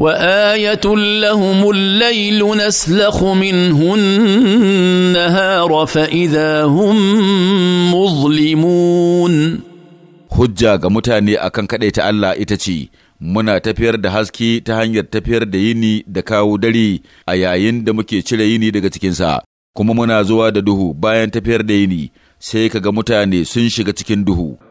وايه لهم الليل نسلخ منه النهار فاذا هم مظلمون hujja ga mutane akan ta Allah ita ce muna tafiyar da haske ta hanyar tafiyar da yini da kawo dare a yayin da muke cire yini daga cikinsa kuma muna zuwa da duhu bayan tafiyar da yini sai kaga mutane sun shiga cikin duhu